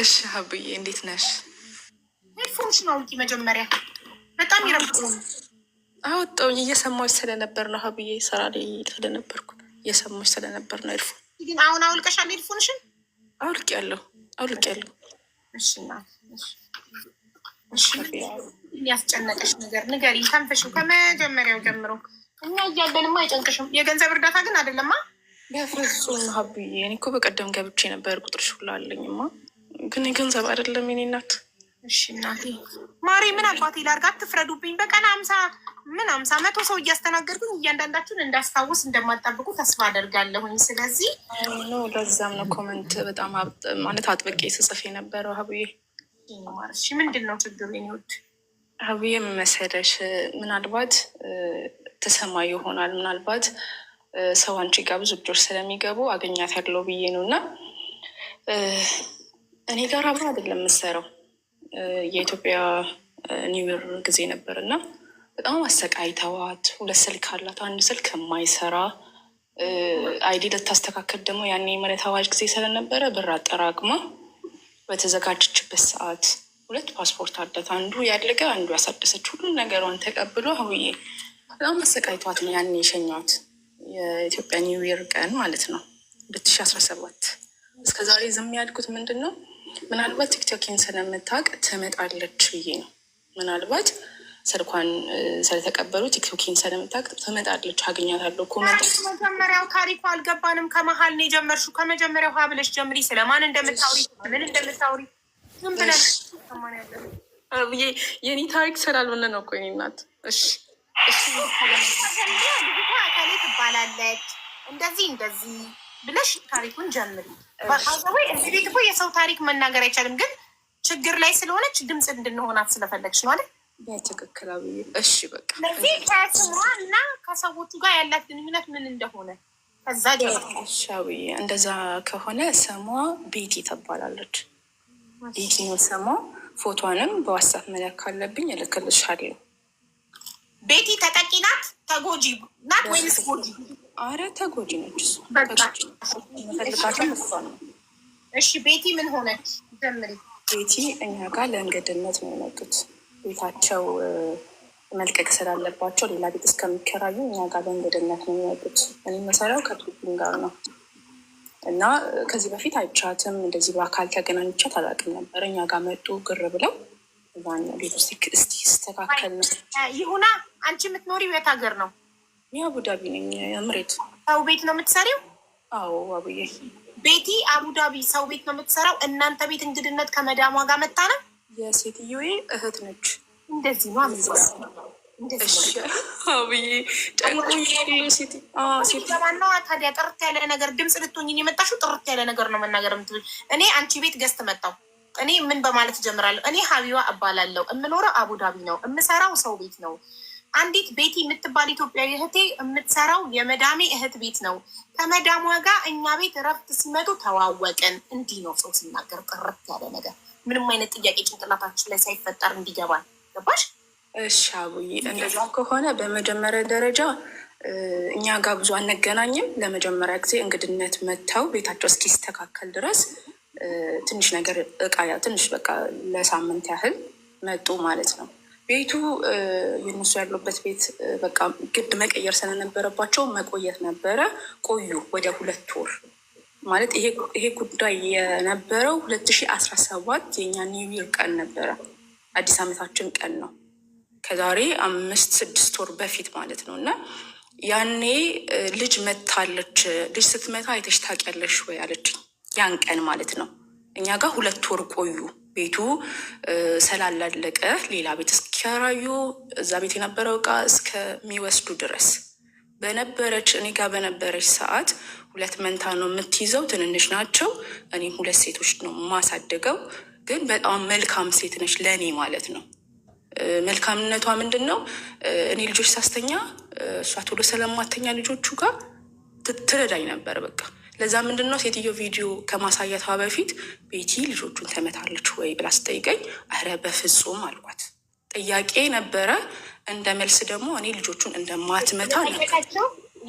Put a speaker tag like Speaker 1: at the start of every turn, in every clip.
Speaker 1: እሺ ሀብዬ እንዴት ነሽ?
Speaker 2: ነው አውጪ መጀመሪያ። በጣም ይረብቁኝ።
Speaker 1: አወጣሁኝ እየሰማሁሽ ስለነበር ነው ሀብዬ፣ ስራ ላይ ስለነበርኩ እየሰማሁሽ ስለነበር ነው። ሄድፎን
Speaker 2: ግን አሁን አውልቀሻል። ኤርፎንሽን
Speaker 1: አውልቄያለሁ፣ አውልቄያለሁ።
Speaker 2: እሺ ያስጨነቀሽ ነገር ንገሪ፣ ከንፈሽው ከመጀመሪያው ጀምሮ። እኛ እያለንማ አይጨንቅሽም። የገንዘብ እርዳታ ግን አይደለማ።
Speaker 1: በፍጹም ሀብዬ፣ እኔ እኮ በቀደም ገብቼ ነበር ቁጥርሽ ሁላ አለኝማ ግን ገንዘብ አይደለም የኔ እናት።
Speaker 2: እሺ እናቴ ማሬ፣ ምን አባቴ ላርጋ? ትፍረዱብኝ። በቀን አምሳ ምን አምሳ መቶ ሰው እያስተናገድኩኝ እያንዳንዳችሁን እንዳስታውስ እንደማጠብቁ ተስፋ አደርጋለሁኝ። ስለዚህ
Speaker 1: ነው ለዛም ነው ኮመንት በጣም ማለት አጥብቄ ስጽፍ የነበረው ሀብዬ።
Speaker 2: እሺ ምንድን ነው ችግሩ ኔዎች
Speaker 1: ሀብዬ መሰለሽ፣ ምናልባት ተሰማ ይሆናል ምናልባት ሰው አንቺ ጋር ብዙ ልጆች ስለሚገቡ አገኛት ያለው ብዬ ነው እና እኔ ጋር አብረ አይደለም የምሰራው። የኢትዮጵያ ኒውር ጊዜ ነበር እና በጣም አሰቃይተዋት፣ ሁለት ስልክ አላት፣ አንድ ስልክ የማይሰራ አይዲ ልታስተካከል ደግሞ ያኔ መሬት አዋጅ ጊዜ ስለነበረ ብር አጠራቅማ በተዘጋጀችበት ሰዓት ሁለት ፓስፖርት አላት፣ አንዱ ያደገ አንዱ ያሳደሰች፣ ሁሉን ነገሯን ተቀብሎ አሁዬ በጣም አሰቃይተዋት ነው ያኔ የሸኛት የኢትዮጵያ ኒውር ቀን ማለት ነው ሁለት ሺ አስራ ሰባት እስከዛሬ ዝም ያልኩት ምንድን ነው ምናልባት ቲክቶኬን ስለምታውቅ ትመጣለች ብዬ ነው። ምናልባት ስልኳን ስለተቀበሉ ቲክቶኬን ስለምታውቅ ትመጣለች፣ አገኛታለሁ።
Speaker 2: መጀመሪያው ታሪኩ አልገባንም። ከመሀል ነው የጀመርሽው። ከመጀመሪያው ሀ ብለሽ ጀምሪ። ስለማን እንደምታውሪ ምን እንደምታውሪ
Speaker 1: ምን ብለሽ የኔ ታሪክ ስላልሆነ ነው እኮ የኔ እናት። እሺ እሺ፣
Speaker 2: ትባላለች እንደዚህ እንደዚህ ብለሽ ታሪኩን ጀምሪ። ባዛወይ እዚህ ቤት እኮ የሰው ታሪክ መናገር አይቻልም፣ ግን ችግር ላይ ስለሆነች ድምፅ እንድንሆናት ስለፈለግሽ ነው አይደል?
Speaker 1: ትክክላዊ እሺ፣ በቃ
Speaker 2: ስለዚህ ከስሟ እና ከሰዎቹ ጋር ያላት ግንኙነት ምን እንደሆነ ከዛ
Speaker 1: ሻዊ እንደዛ ከሆነ ስሟ ቤቲ ትባላለች። ቤቲ ነው ስሟ። ፎቷንም በዋትሳፕ መላክ ካለብኝ እልክልሻለሁ።
Speaker 2: ቤቲ ተጠቂ ናት ተጎጂ ናት ወይንስ ጎጂ?
Speaker 1: አረ ተጎጂ ነች።
Speaker 2: እሺ ቤቲ ምን ሆነች? ጀምሪ።
Speaker 1: ቤቲ እኛ ጋር ለእንግድነት ነው የመጡት። ቤታቸው መልቀቅ ስላለባቸው ሌላ ቤት እስከሚከራዩ እኛ ጋር ለእንግድነት ነው የመጡት። እኔ መሰሪያው ከቱርኪን ጋር ነው እና ከዚህ በፊት አይቻትም እንደዚህ በአካል ተገናኝቻት አላውቅም ነበር። እኛ ጋር መጡ ግር ብለው
Speaker 2: ይሁና። አንቺ የምትኖሪው የት ሀገር ነው?
Speaker 1: የአቡዳቢ ነኝ። ምሬት
Speaker 2: ሰው ቤት ነው የምትሰሪው? አዎ አቡዬ። ቤቲ አቡዳቢ ሰው ቤት ነው የምትሰራው። እናንተ ቤት እንግድነት ከመዳሟ ጋር ሴት ነው።
Speaker 1: የሴትዮዬ እህት ነች።
Speaker 2: እንደዚህ ነው ታዲያ ጥርት ያለ ነገር ድምፅ ልትሆኝ የመጣሽው ጥርት ያለ ነገር ነው መናገር የምትል እኔ አንቺ ቤት ገዝት መጣው እኔ ምን በማለት ጀምራለሁ? እኔ ሀቢባ እባላለሁ። የምኖረው አቡዳቢ ነው። የምሰራው ሰው ቤት ነው። አንዲት ቤቲ የምትባል ኢትዮጵያዊ እህቴ የምትሰራው የመዳሜ እህት ቤት ነው። ከመዳሟ ጋር እኛ ቤት እረፍት ሲመጡ ተዋወቅን። እንዲህ ነው ሰው ሲናገር ጥርት ያለ ነገር፣ ምንም አይነት ጥያቄ ጭንቅላታችን ላይ ሳይፈጠር እንዲገባል። ገባሽ?
Speaker 1: እሺ አቡዬ፣ እንደዛ ከሆነ በመጀመሪያ ደረጃ እኛ ጋር ብዙ አንገናኝም። ለመጀመሪያ ጊዜ እንግድነት መጥተው ቤታቸው እስኪስተካከል ድረስ ትንሽ ነገር እቃ ትንሽ በቃ ለሳምንት ያህል መጡ ማለት ነው። ቤቱ የነሱ ያሉበት ቤት በቃ ግድ መቀየር ስለነበረባቸው መቆየት ነበረ። ቆዩ ወደ ሁለት ወር ማለት ይሄ ጉዳይ የነበረው ሁለት ሺ አስራ ሰባት የኛ ኒው ቀን ነበረ። አዲስ ዓመታችን ቀን ነው ከዛሬ አምስት ስድስት ወር በፊት ማለት ነው። እና ያኔ ልጅ መታለች። ልጅ ስትመታ አይተሽ ታውቂያለሽ ወይ አለችኝ። ያን ቀን ማለት ነው። እኛ ጋር ሁለት ወር ቆዩ። ቤቱ ስላላለቀ ሌላ ቤት እስኪያራዩ እዛ ቤት የነበረው እቃ እስከሚወስዱ ድረስ በነበረች እኔ ጋር በነበረች ሰዓት ሁለት መንታ ነው የምትይዘው። ትንንሽ ናቸው። እኔም ሁለት ሴቶች ነው የማሳደገው። ግን በጣም መልካም ሴት ነች ለእኔ ማለት ነው። መልካምነቷ ምንድን ነው? እኔ ልጆች ሳስተኛ እሷ ቶሎ ስለማተኛ ልጆቹ ጋር ትረዳኝ ነበር በቃ ለዛ ምንድን ነው ሴትዮ ቪዲዮ ከማሳየቷ በፊት ቤቲ ልጆቹን ተመታለች ወይ ብላ ስጠይቀኝ አረ በፍጹም አልኳት። ጥያቄ ነበረ። እንደ መልስ ደግሞ እኔ ልጆቹን እንደማትመታ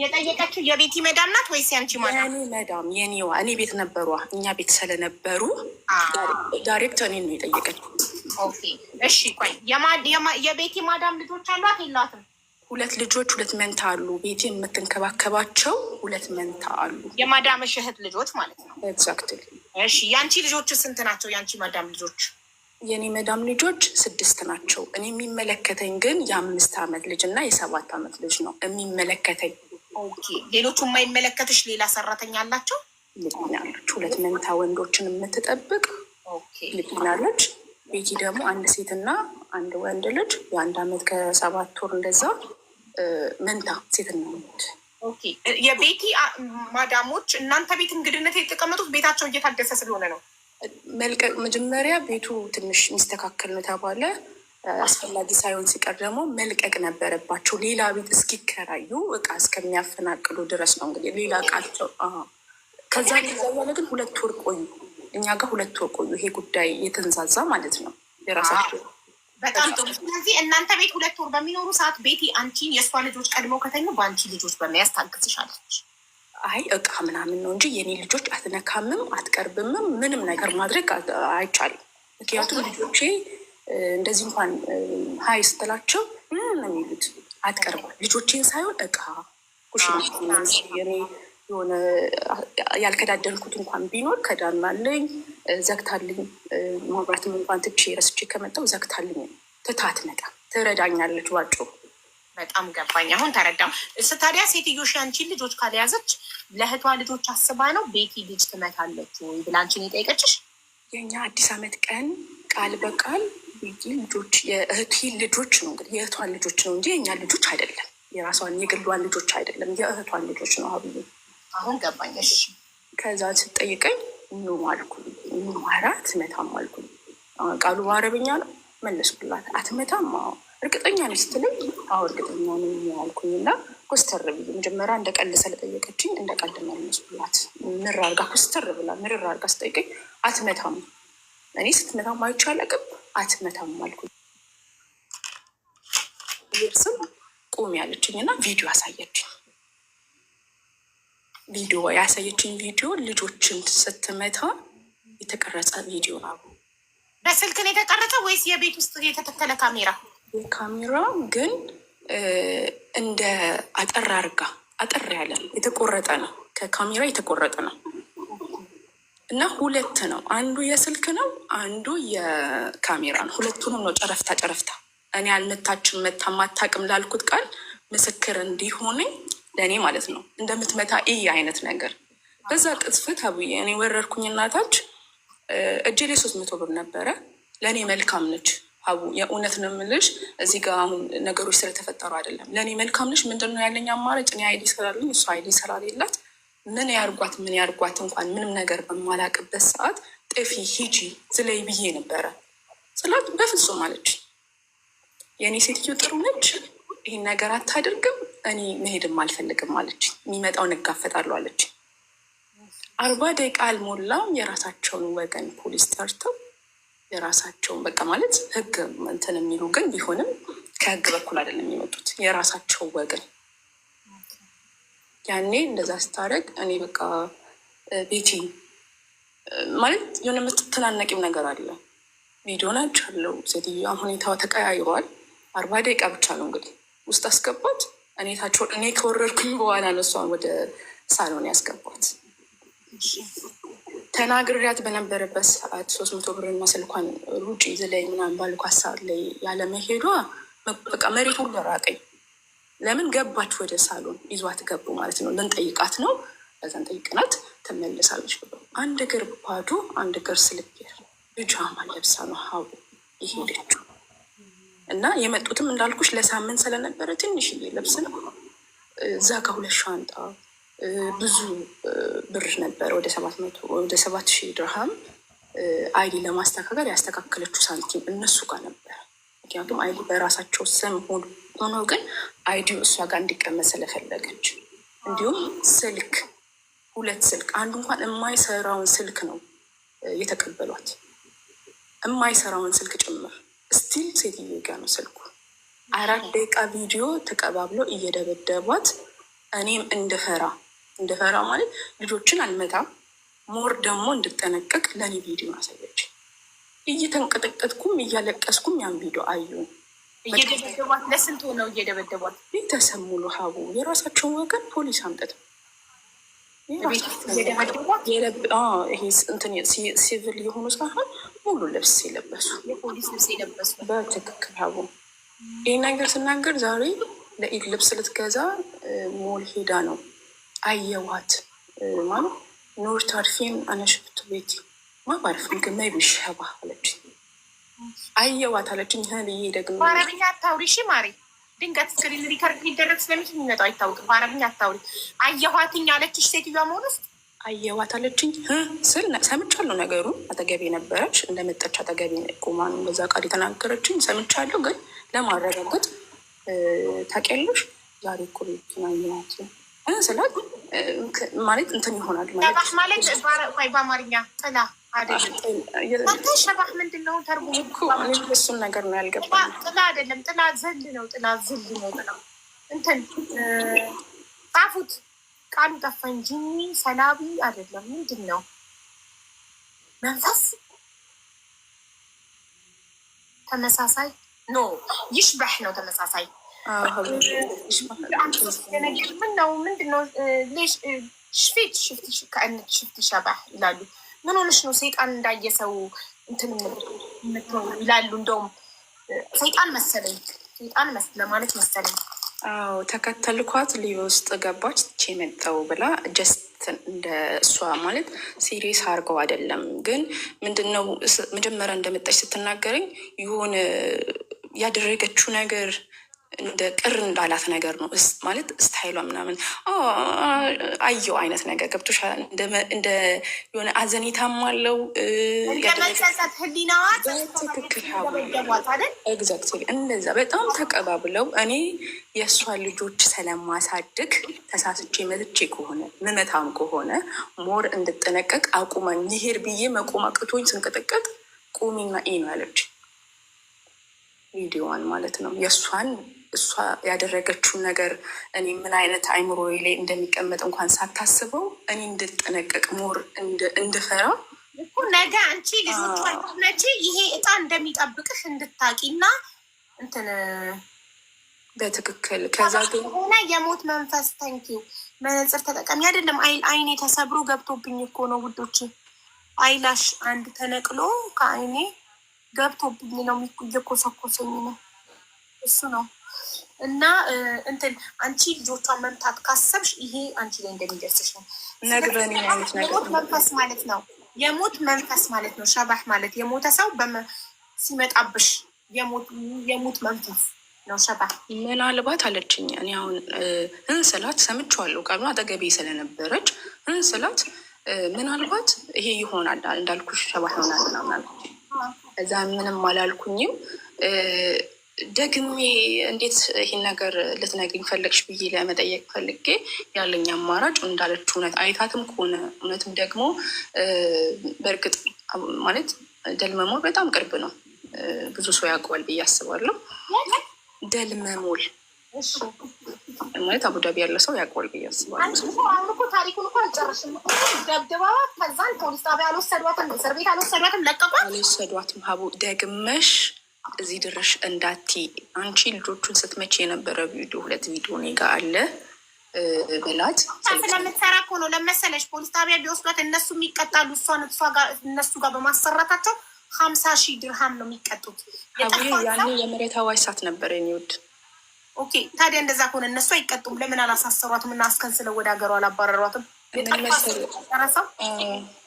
Speaker 2: የጠየቀችው የቤቲ መዳም ናት ወይስ ያንቺ ማዳም?
Speaker 1: መዳም የኔዋ እኔ ቤት ነበሯ። እኛ ቤት ስለነበሩ ዳይሬክት እኔ ነው የጠየቀችው።
Speaker 2: እሺ ቆይ የቤቲ ማዳም ልጆች አሏት የላትም?
Speaker 1: ሁለት ልጆች ሁለት መንታ አሉ። ቤቴ የምትንከባከባቸው ሁለት መንታ አሉ።
Speaker 2: የማዳምሽ እህት ልጆች ማለት
Speaker 1: ነው። ኤግዛክት።
Speaker 2: እሺ የአንቺ ልጆች ስንት ናቸው? የአንቺ ማዳም ልጆች?
Speaker 1: የእኔ መዳም ልጆች ስድስት ናቸው። እኔ የሚመለከተኝ ግን የአምስት አመት ልጅ እና የሰባት አመት ልጅ ነው የሚመለከተኝ።
Speaker 2: ኦኬ። ሌሎቹ የማይመለከትሽ ሌላ ሰራተኛ አላቸው?
Speaker 1: ልናለች። ሁለት መንታ ወንዶችን የምትጠብቅ ልናለች። ቤቲ ደግሞ አንድ ሴትና አንድ ወንድ ልጅ የአንድ አመት ከሰባት ወር እንደዛ መንታ ሴት ነው።
Speaker 2: የቤቲ ማዳሞች እናንተ ቤት እንግድነት የተቀመጡት ቤታቸው እየታደሰ ስለሆነ ነው።
Speaker 1: መልቀቅ መጀመሪያ ቤቱ ትንሽ የሚስተካከል ነው ተባለ። አስፈላጊ ሳይሆን ሲቀር ደግሞ መልቀቅ ነበረባቸው። ሌላ ቤት እስኪከራዩ እቃ እስከሚያፈናቅሉ ድረስ ነው እንግዲህ ሌላ እቃቸው። ከዛ ዛያለ ግን ሁለት ወር ቆዩ፣ እኛ ጋር ሁለት ወር ቆዩ። ይሄ ጉዳይ የተንዛዛ ማለት ነው
Speaker 2: የራሳቸው በጣም ጥሩ። ስለዚህ እናንተ ቤት ሁለት ወር በሚኖሩ ሰዓት ቤቲ አንቺን የእሷ ልጆች ቀድመው ከተኙ በአንቺ ልጆች በመያዝ ታግዝሻለች።
Speaker 1: አይ እቃ ምናምን ነው እንጂ የኔ ልጆች አትነካምም፣ አትቀርብምም፣ ምንም ነገር ማድረግ አይቻልም። ምክንያቱም ልጆቼ እንደዚህ እንኳን ሀይ ስትላቸው ምንም የሚሉት አትቀርቡም። ልጆቼን ሳይሆን እቃ ኩሽና የሆነ ያልከዳደንኩት እንኳን ቢኖር ከዳናለኝ ዘግታልኝ ማብራትም እንኳን ትንሽ ረስቼ ከመጣው ዘግታልኝ ትታት ነቃ ትረዳኛለች። ዋጮ
Speaker 2: በጣም ገባኝ። አሁን ተረዳም ስታዲያ ሴትዮሽ ያንቺን ልጆች ካልያዘች ለእህቷ ልጆች አስባ ነው ቤቲ ልጅ ትመታለች ወይ ብላ አንቺን የጠየቀችሽ?
Speaker 1: የእኛ አዲስ ዓመት ቀን ቃል በቃል ቤቲ ልጆች የእህቴ ልጆች ነው እንግዲህ የእህቷን ልጆች ነው እንጂ የእኛ ልጆች አይደለም። የራሷን የግሏን ልጆች አይደለም፣ የእህቷን ልጆች ነው አብዬ። አሁን ገባኝ። ከዛ ስጠይቀኝ ኑ አልኩኝ ኧረ አትመታም አልኩኝ። ቃሉ በአረብኛ ነው መለስኩላት። አትመታም? እርግጠኛ ነሽ ስትለኝ አዎ እርግጠኛ ነኝ አልኩኝ። እና ኮስተር ብዬ መጀመሪያ እንደ ቀልድ ስለጠየቀችኝ እንደ ቀልድ መለስኩላት። ምር አርጋ ኮስተር ብላ ምርር አርጋ ስጠይቀኝ አትመታም፣ እኔ ስትመታም አይቼ አላውቅም፣ አትመታም አልኩኝ። ስም ቁም ያለችኝ እና ቪዲዮ አሳየችኝ። ቪዲዮ ያሳየችኝ ቪዲዮ ልጆችን ስትመታ የተቀረጸ ቪዲዮ ነው።
Speaker 2: በስልክ ነው የተቀረጸ ወይስ የቤት ውስጥ የተተከለ ካሜራ?
Speaker 1: ካሜራ ግን እንደ አጠር አርጋ አጠር ያለ የተቆረጠ ነው። ከካሜራ የተቆረጠ ነው እና ሁለት ነው። አንዱ የስልክ ነው፣ አንዱ የካሜራ ነው። ሁለቱንም ነው ጨረፍታ ጨረፍታ። እኔ አልመታችም መታ ማታቅም ላልኩት ቃል ምስክር እንዲሆነኝ ለእኔ ማለት ነው እንደምትመታ ይህ አይነት ነገር በዛ ቅጽፈት አብዬ እኔ ወረርኩኝ እናታች እጅ ላይ ሶስት መቶ ብር ነበረ። ለእኔ መልካም ነች ሀቡ፣ የእውነት ነው የምልሽ። እዚህ ጋር አሁን ነገሮች ስለተፈጠሩ አይደለም። ለእኔ መልካም ነች። ምንድን ነው ያለኝ አማራጭ? እኔ አይዲ ስላለኝ እሱ አይዲ ስላሌላት ምን ያርጓት ምን ያርጓት እንኳን ምንም ነገር በማላቅበት ሰዓት ጥፊ ሂጂ ዝለይ ብዬ ነበረ ስላት በፍጹም አለች። የእኔ ሴትዮ ጥሩ ነች፣ ይህን ነገር አታደርግም፣ እኔ መሄድም አልፈልግም አለች። የሚመጣውን እጋፈጣለሁ አለች። አርባ ደቂቃ አልሞላም የራሳቸውን ወገን ፖሊስ ጠርተው የራሳቸውን በቃ ማለት ህግ እንትን የሚሉ ግን ቢሆንም ከህግ በኩል አይደለም የሚመጡት የራሳቸው ወገን። ያኔ እንደዛ ስታደርግ እኔ በቃ ቤቲ ማለት የሆነ የምትተናነቂም ነገር አለ። ቪዲዮ ናች አለው ሴትዮዋ ሁኔታ ተቀያይሯል። አርባ ደቂቃ ብቻ ነው እንግዲህ ውስጥ አስገባት። እኔ ከወረድኩኝ በኋላ ነው እሷን ወደ ሳሎን ያስገባት። ተናግሪያት በነበረበት ሰዓት ሶስት መቶ ብርና ስልኳን ሩጭ ይዝ ላይ ምናምን ባልኳት ሰዓት ላይ ያለመሄዷ በቃ መሬት ሁሉ ራቀኝ። ለምን ገባች ወደ ሳሎን ይዟት ገቡ ማለት ነው። ልንጠይቃት ነው። በዛን ጠይቅናት ትመለሳለች። አንድ እግር ባዶ፣ አንድ እግር ስልጌር ልጃማ ለብሳ ነው ሀቡ የሄደችው እና የመጡትም እንዳልኩሽ ለሳምንት ስለነበረ ትንሽዬ ልብስ ነው እዛ ከሁለት ሻንጣ ብዙ ብር ነበር። ወደ ሰባት መቶ ወደ ሰባት ሺህ ድርሃም አይዲ ለማስተካከል ያስተካከለችው ሳንቲም እነሱ ጋር ነበር። ምክንያቱም አይዲ በራሳቸው ስም ሆኖ ግን አይዲ እሷ ጋር እንዲቀመጥ ስለፈለገች፣ እንዲሁም ስልክ ሁለት ስልክ አንዱ እንኳን የማይሰራውን ስልክ ነው የተቀበሏት፣ የማይሰራውን ስልክ ጭምር ስቲል ሴትዬ ጋ ነው ስልኩ። አራት ደቂቃ ቪዲዮ ተቀባብሎ እየደበደቧት እኔም እንደፈራ እንደፈራ ማለት ልጆችን አልመታም። ሞር ደግሞ እንድጠነቀቅ ለእኔ ቪዲዮ አሳየች። እየተንቀጠቀጥኩም እያለቀስኩም ያን ቪዲዮ አዩ።
Speaker 2: እየደበደቧት ለስንት ሆነው እየደበደቧት
Speaker 1: ቤተሰብ ሙሉ ሀቡ የራሳቸውን ወገን ፖሊስ አምጠት ሲቪል የሆኑ ሳይሆን ሙሉ ልብስ የለበሱ
Speaker 2: የፖሊስ ልብስ የለበሱ
Speaker 1: በትክክል ሀቡ ይህ ነገር ስናገር ዛሬ ለኢድ ልብስ ልትገዛ ሞል ሄዳ ነው አየዋት ማ ኖር ታርፊን አነሽብቱ ቤቲ ማ ባርፍን ናይ ብሸባ አለች። አየዋት አለችኝ። ይህ ብዬ ደግሞ
Speaker 2: በአረብኛ አታውሪ እሺ ማሪ፣ ድንገት ስክሪን ሪከርድ ሊደረግ ስለሚችል የሚመጣው አይታወቅም። በአረብኛ አታውሪ። አየኋትኝ አለችሽ ሴትዮዋ መሆን ውስጥ
Speaker 1: አየዋት አለችኝ ስል ሰምቻለሁ። ነገሩ አጠገቤ ነበረች፣ እንደመጣች አጠገቤ ቆማ ነው በዛ ቃል የተናገረችኝ ሰምቻለሁ። ግን ለማረጋገጥ ታውቂያለሽ ዛሬ እኮ ቤቱን አየኋት ስላት ማለት እንትን ይሆናል
Speaker 2: ማለት ማለት ወይ በአማርኛ ጥላ ሸባህ ምንድን ነው?
Speaker 1: እሱን ነገር ነው ያልገባ
Speaker 2: ጥላ አይደለም ጥላ ዘንድ ነው። ጥላ ዝል ነው። እንትን ጻፉት። ቃሉ ጠፋኝ። ጂኒ ሰላቢ አይደለም። ምንድን ነው መንፈስ ተመሳሳይ ኖ ይሽበህ ነው ተመሳሳይ ምነው ምንድነው ሽፌት ሽፍት ሸባህ ይላሉ። ምን ሆነሽ ነው ሰይጣን እንዳየ ሰው እንትን ይላሉ። እንደውም ሰይጣን መሰለኝ ሰይጣን ለማለት መሰለኝ።
Speaker 1: አዎ ተከተልኳት ውስጥ ገባች ቼ መጣሁ ብላ ጀስት እንደ እሷ ማለት ሲሪየስ አድርገው አይደለም። ግን ምንድነው መጀመሪያ እንደመጣች ስትናገረኝ ይሆን ያደረገችው ነገር እንደ ቅር እንዳላት ነገር ነው ማለት ስታይሏ ምናምን አየው አይነት ነገር ገብቶሻል። እንደ የሆነ አዘኔታም አለው ኤግዛክትሊ እንደዛ በጣም ተቀባብለው እኔ የእሷ ልጆች ስለማሳድግ ተሳስቼ መትቼ ከሆነ ምመታም ከሆነ ሞር እንድጠነቀቅ አቁመን ይሄድ ብዬ መቆም አቅቶኝ ስንቀጠቀጥ ቁሚና ኢን አለች ቪዲዮዋን ማለት ነው የእሷን እሷ ያደረገችውን ነገር እኔ ምን አይነት አይምሮ ላይ እንደሚቀመጥ እንኳን ሳታስበው እኔ እንድጠነቀቅ ሞር እንድፈራ
Speaker 2: ነገ አንቺ ልጆቿ ነች ይሄ እጣ እንደሚጠብቅሽ እንድታቂና እንትን
Speaker 1: በትክክል ከዛ
Speaker 2: ሆነ የሞት መንፈስ ተንኪ መነጽር ተጠቀሚ አይደለም አይኔ ተሰብሮ ገብቶብኝ እኮ ነው ውዶች። አይላሽ አንድ ተነቅሎ ከአይኔ ገብቶብኝ ነው፣ እየኮሰኮሰኝ ነው። እሱ ነው እና እንትን አንቺ ልጆቿን መምታት ካሰብሽ ይሄ አንቺ ላይ እንደሚደርስሽ ነው። የሞት መንፈስ ማለት ነው። የሞት መንፈስ ማለት ነው። ሸባህ ማለት የሞተ ሰው ሲመጣብሽ የሞት መንፈስ
Speaker 1: ምናልባት አለችኝ። እኔ አሁን እንስላት ሰምቼዋለሁ። ቃሉ አጠገቤ ስለነበረች እንስላት ምናልባት ይሄ ይሆናል እንዳልኩሽ ሸባ ይሆናል ምናምን አለችኝ። እዛ ምንም አላልኩኝም። ደግሞ ይሄ እንዴት ይህን ነገር ልትነግሪኝ ፈለግሽ ብዬ ለመጠየቅ ፈልጌ ያለኝ አማራጭ እንዳለች እውነት አይታትም ከሆነ እውነትም ደግሞ በእርግጥ ማለት ደልመሞል በጣም ቅርብ ነው፣ ብዙ ሰው ያውቀዋል ብዬ አስባለሁ። ደልመሞል ማለት አቡዳቢ ያለ ሰው ያውቀዋል ብዬ አስባለሁ።
Speaker 2: አሁን እኮ ታሪኩን እኮ አልጨረስሽም። ደብድበዋት፣ ከዛን ፖሊስ ጣቢያ አልወሰዷትም፣ እስር ቤት አልወሰዷትም፣ ለቀቋት፣
Speaker 1: አልወሰዷትም። ሀቡ ደግመሽ እዚህ ድረሽ እንዳቲ አንቺ ልጆቹን ስትመቼ የነበረ ቪዲዮ ሁለት ቪዲዮ እኔ አለ ብላት
Speaker 2: ስለምትሰራ እኮ ነው ለመሰለሽ ፖሊስ ጣቢያ ቢወስዷት እነሱ የሚቀጣሉ እሷን እሷ ጋር እነሱ ጋር በማሰራታቸው ሀምሳ ሺህ ድርሃም ነው የሚቀጡት።
Speaker 1: ያኔ የመሬት አዋጅ ሳት ነበር ኒውድ
Speaker 2: ኦኬ። ታዲያ እንደዛ ከሆነ እነሱ አይቀጡም። ለምን አላሳሰሯትም? እና አስከንስለው ወደ ሀገሩ አላባረሯትም?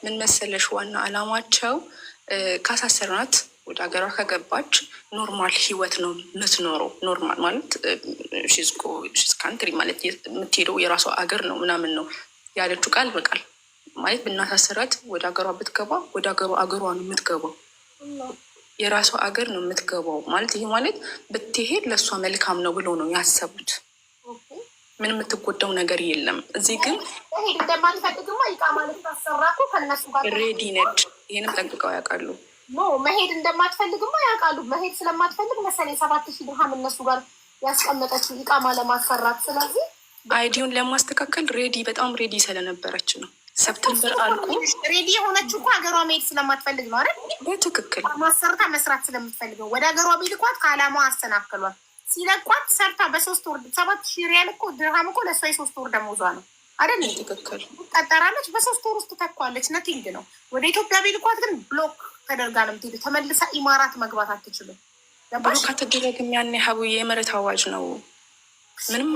Speaker 1: ምን መሰለሽ ዋና አላማቸው ካሳሰርናት ወደ ሀገሯ ከገባች ኖርማል ህይወት ነው የምትኖረው። ኖርማል ማለት ሺዝ ካንትሪ ማለት የምትሄደው የራሷ አገር ነው ምናምን ነው ያለችው ቃል በቃል ማለት ብናሳስራት ወደ ሀገሯ ብትገባ ወደ ሀገሯ አገሯ ነው የምትገባው የራሷ አገር ነው የምትገባው ማለት ይሄ ማለት ብትሄድ ለእሷ መልካም ነው ብለው ነው ያሰቡት። ምን የምትጎዳው ነገር የለም። እዚህ ግን ሬዲ ነች። ይህንም ጠንቅቀው ያውቃሉ።
Speaker 2: ኖ መሄድ እንደማትፈልግማ ያውቃሉ። መሄድ ስለማትፈልግ መሰለኝ ሰባት ሺህ ድርሃም እነሱ ጋር ያስቀመጠችው ኢቃማ ለማሰራት ስለዚህ
Speaker 1: አይዲውን ለማስተካከል ሬዲ በጣም ሬዲ ስለነበረች ነው። ሰብተምበር አልቁ
Speaker 2: ሬዲ የሆነችው እኮ ሀገሯ መሄድ ስለማትፈልግ ነው አይደል? በትክክል ማሰርታ መስራት ስለምትፈልግ ነው። ወደ ሀገሯ ቢልኳት ከአላማ አሰናክሏል። ሲለቋት ሰርታ በሶስት ወር ሰባት ሺህ ሪያል እኮ ድርሃም እኮ ለእሷ የሶስት ወር ደሞዟ ነው አይደል? ትክክል ትቀጠራለች። በሶስት ወር ውስጥ ተኳለች። ነቲንግ ነው። ወደ ኢትዮጵያ ቢልኳት ግን ብሎክ ተደርጋ ነው የምትሄዱ። ተመልሳ ኢማራት መግባት አትችሉም።
Speaker 1: ከተደረግም ያን ሀቡ የመሬት አዋጅ ነው። ምንም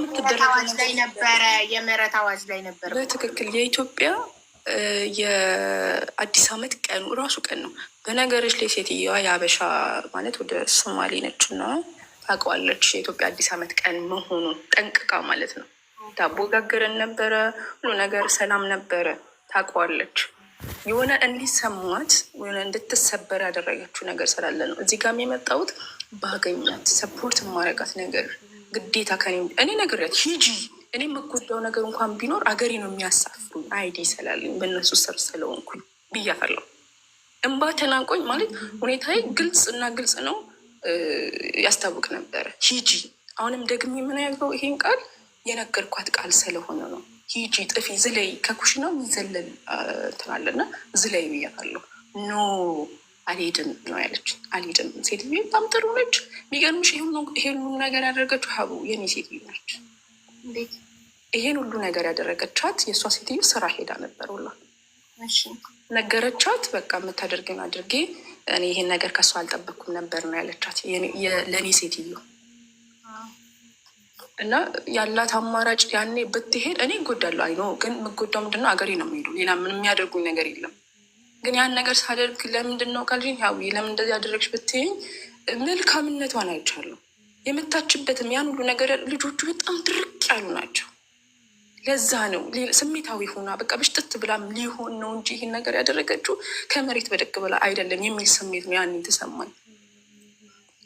Speaker 2: አዋጅ ላይ ነበረ፣ የመሬት አዋጅ ላይ ነበረ።
Speaker 1: በትክክል የኢትዮጵያ የአዲስ አመት ቀኑ ራሱ ቀን ነው። በነገሮች ላይ ሴትየዋ የአበሻ ማለት ወደ ሶማሌ ነች እና ታውቀዋለች የኢትዮጵያ አዲስ አመት ቀን መሆኑ ጠንቅቃ ማለት ነው። ዳቦ ጋገረን ነበረ፣ ሁሉ ነገር ሰላም ነበረ፣ ታውቀዋለች። የሆነ እንዲሰማት የሆነ እንድትሰበር ያደረገችው ነገር ስላለ ነው እዚህ ጋም የመጣሁት። ባገኛት ሰፖርት ማረጋት ነገር ግዴታ ከ እኔ ነገርያት ሂጂ እኔ የምጎዳው ነገር እንኳን ቢኖር አገሬ ነው የሚያሳፍሩኝ አይዲ ስላለኝ በእነሱ ሰብ ስለሆንኩኝ ብያፈለው እንባ ተናንቆኝ ማለት ሁኔታዬ ግልጽ እና ግልጽ ነው ያስታውቅ ነበረ። ሂጂ አሁንም ደግሜ የምናገረው ይሄን ቃል የነገርኳት ቃል ስለሆነ ነው። ሂጂ ጥፊ ዝለይ ከኩሽናው የሚዘለል ትናለና ዝለይ ብያታለሁ። ኖ አልሄድም ነው ያለች። አልሄድም ሴትዮ በጣም ጥሩ ነች። የሚገርምሽ ይሄን ሁሉ ነገር ያደረገችው ሀቡ የኔ ሴትዮ ነች። ይሄን ሁሉ ነገር ያደረገቻት የእሷ ሴትዮ ስራ ሄዳ ነበር ላ ነገረቻት። በቃ የምታደርገን አድርጌ እኔ ይሄን ነገር ከእሷ አልጠበኩም ነበር ነው ያለቻት ለእኔ ሴትዮ እና ያላት አማራጭ ያኔ ብትሄድ እኔ እጎዳለሁ። አይኖ ግን የምጎዳው ምንድነው አገሬ ነው የሚሄዱ ሌላ ምን የሚያደርጉኝ ነገር የለም። ግን ያን ነገር ሳደርግ ለምንድን ነው ካልሽኝ፣ ያው ለምን እንደዚህ ያደረግሽ ብትይኝ መልካምነቷን አይቻለሁ። የመታችበትም ያን ሁሉ ነገር ልጆቹ በጣም ድርቅ ያሉ ናቸው። ለዛ ነው ስሜታዊ ሆና በቃ ብሽጥት ብላም ሊሆን ነው እንጂ ይህን ነገር ያደረገችው ከመሬት በደቅ ብላ አይደለም የሚል ስሜት ነው ያን ተሰማኝ።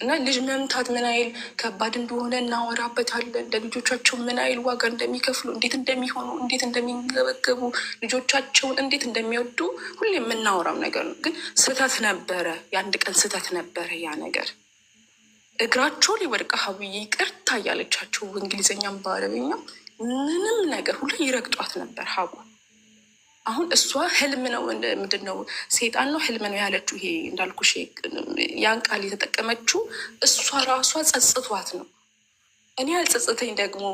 Speaker 1: እና ልጅ መምታት ምን ያህል ከባድ እንደሆነ እናወራበታለን። ለልጆቻቸው ምን ያህል ዋጋ እንደሚከፍሉ፣ እንዴት እንደሚሆኑ፣ እንዴት እንደሚንገበገቡ፣ ልጆቻቸውን እንዴት እንደሚወዱ ሁሌ የምናወራም ነገር ነው። ግን ስህተት ነበረ፣ የአንድ ቀን ስህተት ነበረ ያ ነገር። እግራቸው ላይ ወድቃ ሀብዬ ይቅርታ እያለቻቸው እንግሊዝኛም በአረብኛም ምንም ነገር ሁሉ ይረግጧት ነበር ሀቡ አሁን እሷ ህልም ነው ምንድን ነው ሴጣን ነው ህልም ነው ያለችው። ይሄ እንዳልኩሽ ያን ቃል የተጠቀመችው እሷ ራሷ ጸጽቷት ነው። እኔ ያልጸጽተኝ ደግሞ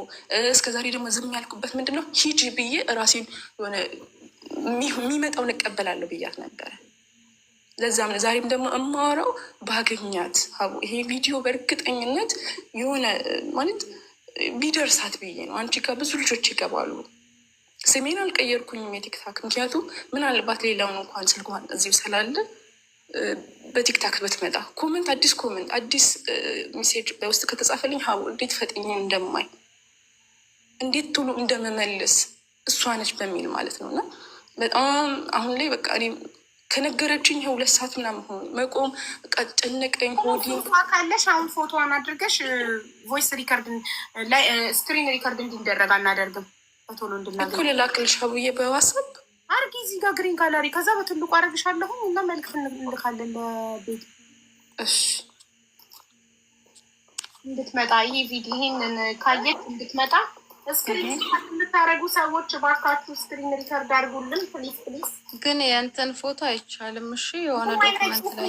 Speaker 1: እስከ ዛሬ ደግሞ ዝም ያልኩበት ምንድን ነው ሂጂ ብዬ ራሴን የሆነ የሚመጣውን እቀበላለሁ ብያት ነበረ። ለዛም ዛሬም ደግሞ እማወራው ባገኛት ሀቡ ይሄ ቪዲዮ በእርግጠኝነት የሆነ ማለት ቢደርሳት ብዬ ነው። አንቺ ጋር ብዙ ልጆች ይገባሉ ስሜን አልቀየርኩኝም የቲክታክ ምክንያቱም ምናልባት ሌላውን እንኳን ስልኳን እዚሁ ስላለ በቲክታክ ብትመጣ ኮመንት አዲስ ኮመንት አዲስ ሜሴጅ በውስጥ ከተጻፈልኝ ሀቡ እንዴት ፈጥኝ እንደማይ እንዴት ቶሎ እንደመመልስ እሷ ነች በሚል ማለት ነው። እና በጣም አሁን ላይ በቃ እኔ ከነገረችኝ ሁለት ሰዓት ምናምን ሆኖ መቆም በቃ ጨነቀኝ።
Speaker 2: ሆዲ ካለሽ አሁን ፎቶዋን አድርገሽ ቮይስ ሪከርድ ስክሪን ሪከርድ እንዲደረግ አናደርግም
Speaker 1: እኮ ልላክልሽ አቡዬ በዋሳብ
Speaker 2: አርጊ። እዚህ ጋር ግሪን ከዛ በትልቁ አረግሻለሁ እና እንልካለን ለቤት እሺ እንድትመጣ ይሄ ካየት እንድትመጣ ሰዎች ባካችሁ ስክሪን ሪከርድ አድርጉልን
Speaker 1: ግን የእንትን ፎቶ አይቻልም። እሺ የሆነ ዶክመንት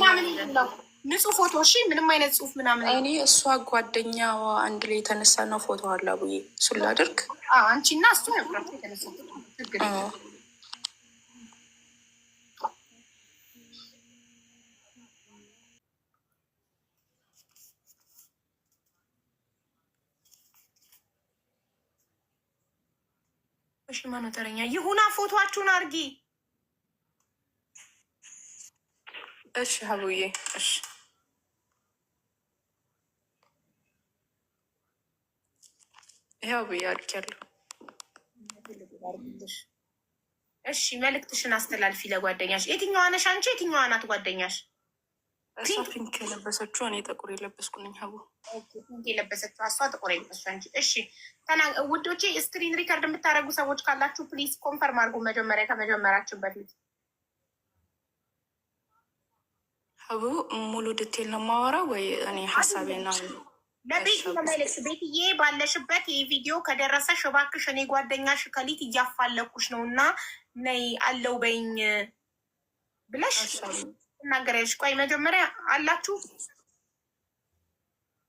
Speaker 2: ላይ ንጹህ ፎቶ እሺ፣ ምንም አይነት ጽሁፍ ምናምን።
Speaker 1: እኔ እሷ ጓደኛዋ አንድ ላይ የተነሳ ነው ፎቶ አላ ብዬ እሱን ላድርግ።
Speaker 2: አንቺ እና እሱ እሺ፣ ተረኛ ይሁና፣ ፎቶችሁን አርጊ
Speaker 1: እሺ ሀቡዬ እሺ ይኸው ብዬ አድርጊያለሁ።
Speaker 2: እሺ መልእክትሽን አስተላልፊ ለጓደኛሽ። የትኛዋ ነሽ አንቺ? የትኛዋ ናት ጓደኛሽ?
Speaker 1: እሷ ፒንክ የለበሰችው፣ እኔ ጥቁር የለበስኩ ነኝ። ሀቡ
Speaker 2: ፒንክ የለበሰችው፣ እሷ ጥቁር የለበሰችው አንቺ። እሺ ተና ውዶቼ፣ ስክሪን ሪከርድ የምታደርጉ ሰዎች ካላችሁ ፕሊዝ ኮንፈርም አድርጉ መጀመሪያ ከመጀመራችን በፊት
Speaker 1: አቡ ሙሉ ድቴል ነው ማወራው ወይ እኔ ሀሳቤ ነው
Speaker 2: ለቤት ለመለስ ቤትዬ ባለሽበት ይህ ቪዲዮ ከደረሰ እባክሽ እኔ ጓደኛሽ ከሊት እያፋለኩሽ ነው እና ነይ አለው በይኝ ብለሽ እናገሪያለሽ። ቆይ መጀመሪያ አላችሁ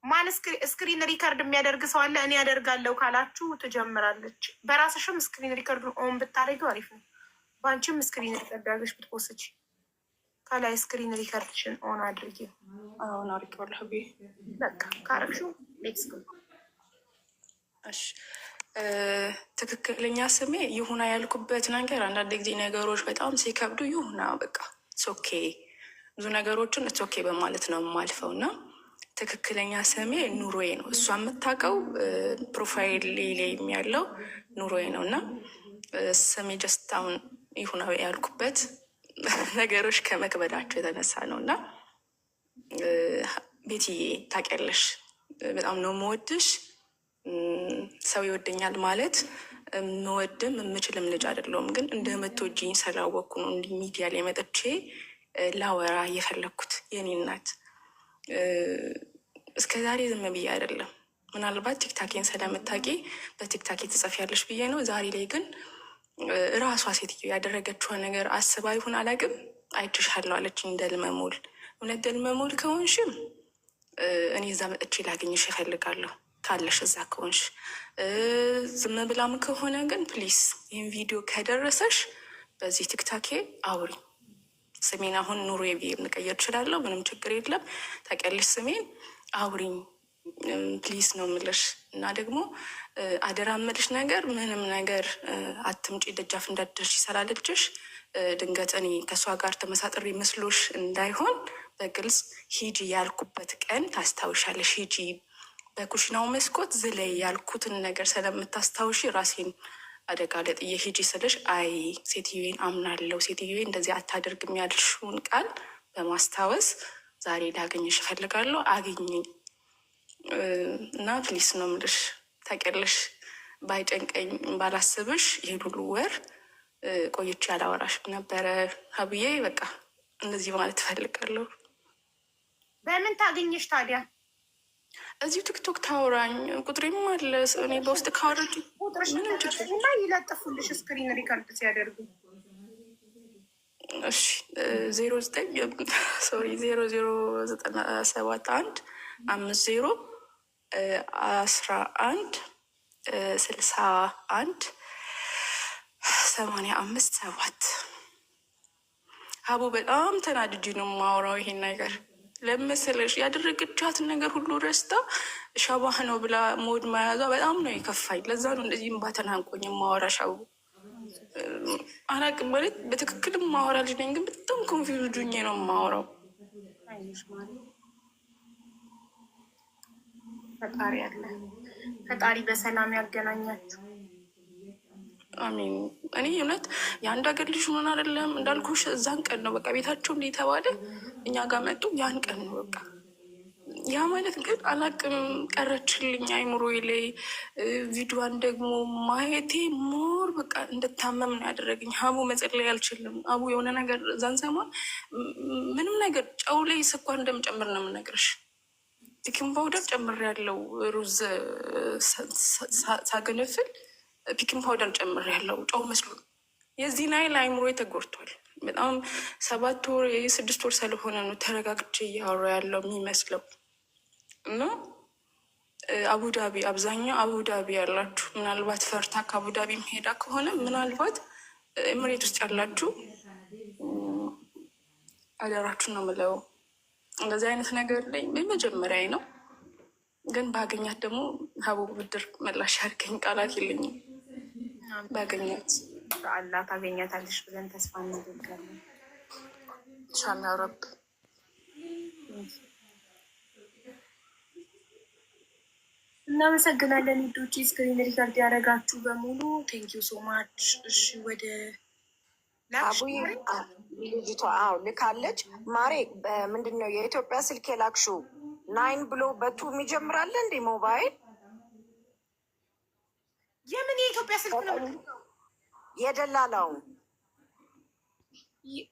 Speaker 2: ማን ስክሪን ሪከርድ የሚያደርግ ሰው አለ? እኔ ያደርጋለሁ ካላችሁ ትጀምራለች። በራስሽም ስክሪን ሪከርድ ኦን ብታደርጊው አሪፍ ነው። በአንቺም ስክሪን ሪከርድ አድርገሽ ብትፖስች ከላይ ስክሪን ሪከርድሽን ኦን አድርጊ።
Speaker 1: አሁን አድርጌዋለሁ። ቢ
Speaker 2: በቃ ካረግሽው ሌትስ ጎ።
Speaker 1: እሺ ትክክለኛ ስሜ ይሁና ያልኩበት ነገር አንዳንድ ጊዜ ነገሮች በጣም ሲከብዱ ይሁና በቃ ሶኬ ብዙ ነገሮችን ሶኬ በማለት ነው የማልፈው እና ትክክለኛ ስሜ ኑሮዬ ነው። እሷ የምታውቀው ፕሮፋይል ላይ ያለው ኑሮዬ ነው እና ስሜ ጀስታውን ይሁና ያልኩበት ነገሮች ከመክበዳቸው የተነሳ ነው እና ቤትዬ ታውቂያለሽ፣ በጣም ነው የምወድሽ። ሰው ይወደኛል ማለት የምወድም የምችልም ልጅ አይደለሁም፣ ግን እንደምትወጂኝ ስላወቅኩ ነው እንዲህ ሚዲያ ላይ መጥቼ ላወራ እየፈለግኩት። የኔ እናት እስከዛሬ ዝም ብዬ አይደለም፣ ምናልባት ቲክታኬን ስለምታውቂ በቲክታኬ ትጽፊያለሽ ብዬ ነው። ዛሬ ላይ ግን ራሷ ሴትዮ ያደረገችውን ነገር አስባ ይሁን አላውቅም፣ አይችሻለሁ አለችኝ። ደልመሞል እውነት ደልመሙል ከሆንሽም እኔ እዛ መጥቼ ላገኝሽ እፈልጋለሁ ካለሽ እዛ ከሆንሽ ዝም ብላም ከሆነ ግን ፕሊስ ይህን ቪዲዮ ከደረሰሽ በዚህ ቲክታኬ አውሪ። ስሜን አሁን ኑሮ ብዬ መቀየር እችላለሁ። ምንም ችግር የለም። ታውቂያለሽ ስሜን አውሪኝ ፕሊስ ነው ምልሽ እና ደግሞ አደራ ምልሽ ነገር ምንም ነገር አትምጪ፣ ደጃፍ እንዳደርሽ ይሰላለችሽ ድንገት እኔ ከእሷ ጋር ተመሳጥሪ መስሎሽ እንዳይሆን በግልጽ ሂጂ ያልኩበት ቀን ታስታውሻለሽ። ሂጂ በኩሽናው መስኮት ዝለይ ያልኩትን ነገር ስለምታስታውሽ ራሴን አደጋ ላይ ሂጂ ስልሽ አይ ሴትዮን አምናለው፣ ሴትዮ እንደዚህ አታደርግ የሚያልሽውን ቃል በማስታወስ ዛሬ ላገኝሽ እፈልጋለሁ አግኝኝ እና ትሊስ ነው የምልሽ ታውቂያለሽ፣ ባይጨንቀኝ ባላስብሽ ይሄን ሁሉ ወር ቆይቼ ያላወራሽ ነበረ ሀብዬ። በቃ እንደዚህ ማለት እፈልጋለሁ።
Speaker 2: በምን ታገኘሽ ታዲያ?
Speaker 1: እዚሁ ቲክቶክ ታወራኝ ቁጥሬም አለ። እኔ በውስጥ ካወረድ
Speaker 2: ቁጥርሽና ይለጥፉልሽ ስክሪን ሪከርድ ሲያደርጉ።
Speaker 1: እሺ ዜሮ ዘጠኝ ሶሪ ዜሮ ዜሮ ዘጠና ሰባት አንድ አምስት ዜሮ አስራ አንድ ስልሳ አንድ ሰማንያ አምስት ሰባት አቡ በጣም ተናድጄ ነው የማወራው ይሄን ነገር ለመሰለሽ ያደረገቻትን ነገር ሁሉ ረስታ ሸባህ ነው ብላ ሞድ መያዟ በጣም ነው የከፋኝ። ለዛ ነው እንደዚህ እምባ ተናንቆኝ የማወራሽ ሻቡ አላቅም ማለት በትክክል ማወራ ልጅ ነኝ፣ ግን በጣም ኮንፊውዝ ዱኜ ነው የማወራው።
Speaker 2: ፈጣሪ አለ። ፈጣሪ በሰላም ያገናኛችሁ።
Speaker 1: አሚን። እኔ እውነት የአንድ ሀገር ልጅ ሆን አይደለም እንዳልኩሽ፣ እዛን ቀን ነው በቃ ቤታቸው እንደ የተባለ እኛ ጋር መጡ። ያን ቀን ነው በቃ ያ ማለት ግን አላቅም ቀረችልኝ አይምሮዬ ላይ ቪዲዮዋን ደግሞ ማየቴ ሞር በቃ እንድታመም ነው ያደረገኝ። ሀቡ መጸለይ አልችልም። አቡ የሆነ ነገር ዛን ሰሞን ምንም ነገር ጨው ላይ ስኳር እንደምጨምር ነው የምነግርሽ ፒኪን ፓውደር ጨምር ያለው ሩዝ ሳገነፍል ፒኪን ፓውደር ጨምር ያለው ጨው መስሎ የዚህን አይል አይምሮ ተጎድቷል። በጣም ሰባት ወር የስድስት ወር ስለሆነ ነው ተረጋግቼ እያወራ ያለው የሚመስለው እና አቡዳቢ አብዛኛው አቡዳቢ ያላችሁ ምናልባት ፈርታ ከአቡዳቢ መሄዳ ከሆነ ምናልባት ኤምሬት ውስጥ ያላችሁ አደራችሁ ነው ምለው እንደዚህ አይነት ነገር ላይ የመጀመሪያ ነው። ግን ባገኛት ደግሞ ሀቡ ብድር መላሽ ያድርገኝ። ቃላት የለኝም። ባገኛት
Speaker 2: በአላህ ታገኛታለሽ ብለን ተስፋ እናደርጋለን።
Speaker 1: ሻላ ረብ እናመሰግናለን። ውዶች ስክሪን ሪከርድ ያደረጋችሁ በሙሉ ቴንኪዩ ሶ ማች። እሺ ወደ
Speaker 2: ልጅቷ አዎ ልካለች። ማሬ ምንድን ነው የኢትዮጵያ ስልክ የላክሹ ናይን ብሎ በቱ የሚጀምራለ እንዴ ሞባይል የምን የኢትዮጵያ ስልክ ነው? የደላላው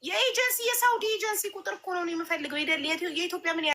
Speaker 2: የኤጀንሲ የሳውዲ ኤጀንሲ ቁጥር እኮ ነው የምፈልገው። የኢትዮጵያ ምን